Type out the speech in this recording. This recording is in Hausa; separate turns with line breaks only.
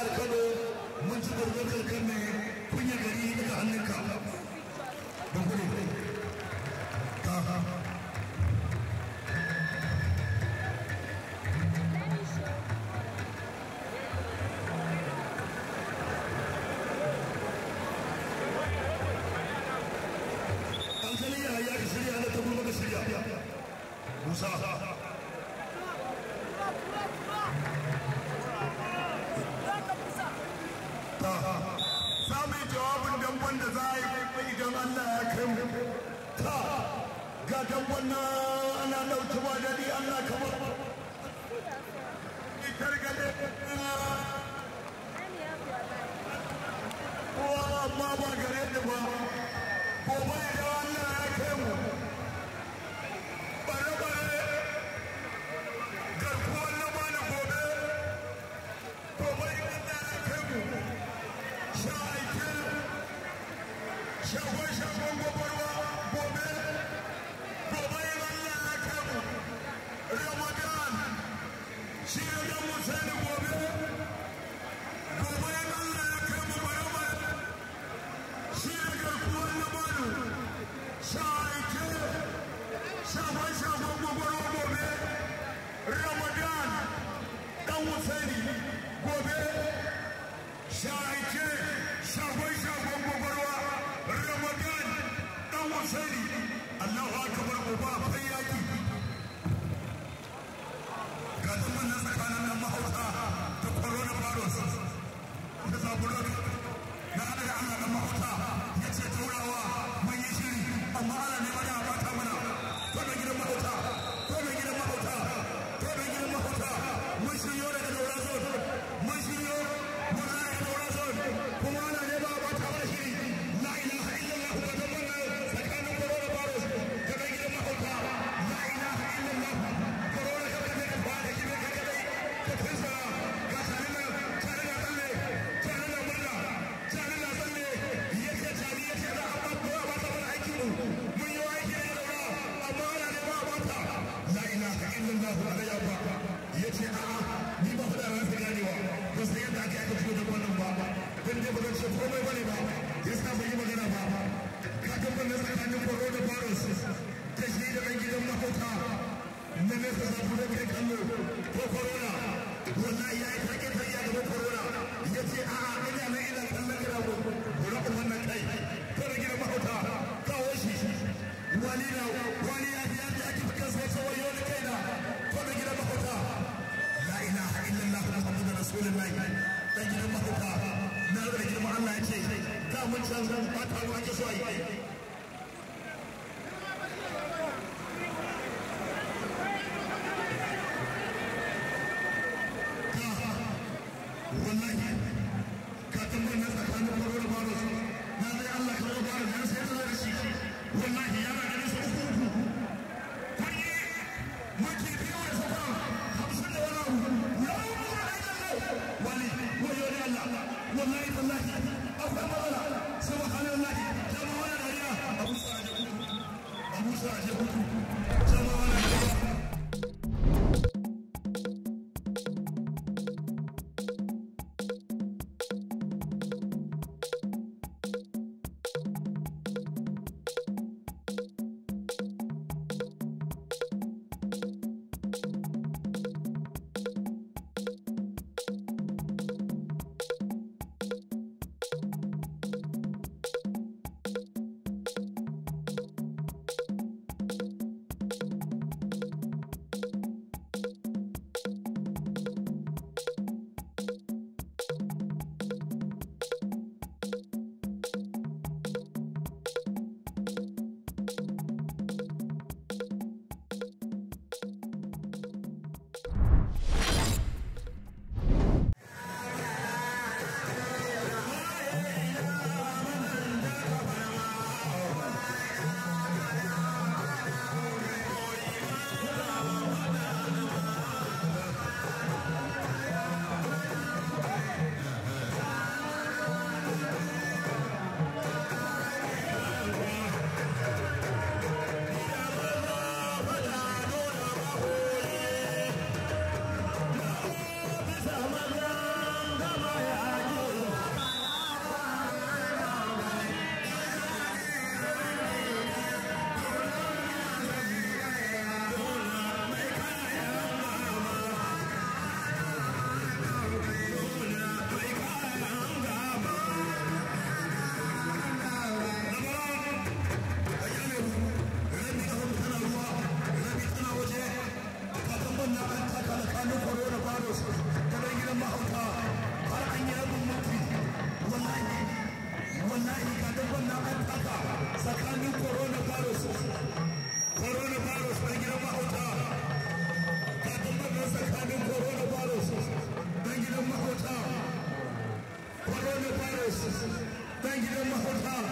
jihar kano mun ci gwargwadon kan mai kunya gari daga hannunka don kudu ta Musa. wanda za a yi idan Allah ya kai mu ta ga dabban na ana ɗauki ba daɗi Allah kamar itar gade kowa amma ba gare da ba ko gobe idan Allah ya kai mu ake ta na ne ka zafi da kai kallo ko corona wallahi ya yi take ta iya gaban corona ya ce a'a ina nan ina kallon kira ko kura wannan kai kada gina mahauta kawo shi wani na wani ya ya ji ake fikan sai kawai yau da kaina kada gina mahauta la ilaha illallah muhammadur rasulullahi dan gina mahauta na da girma Allah ya ce ta mun canza ba ta ruwa ke so yi Thank you, Mahota.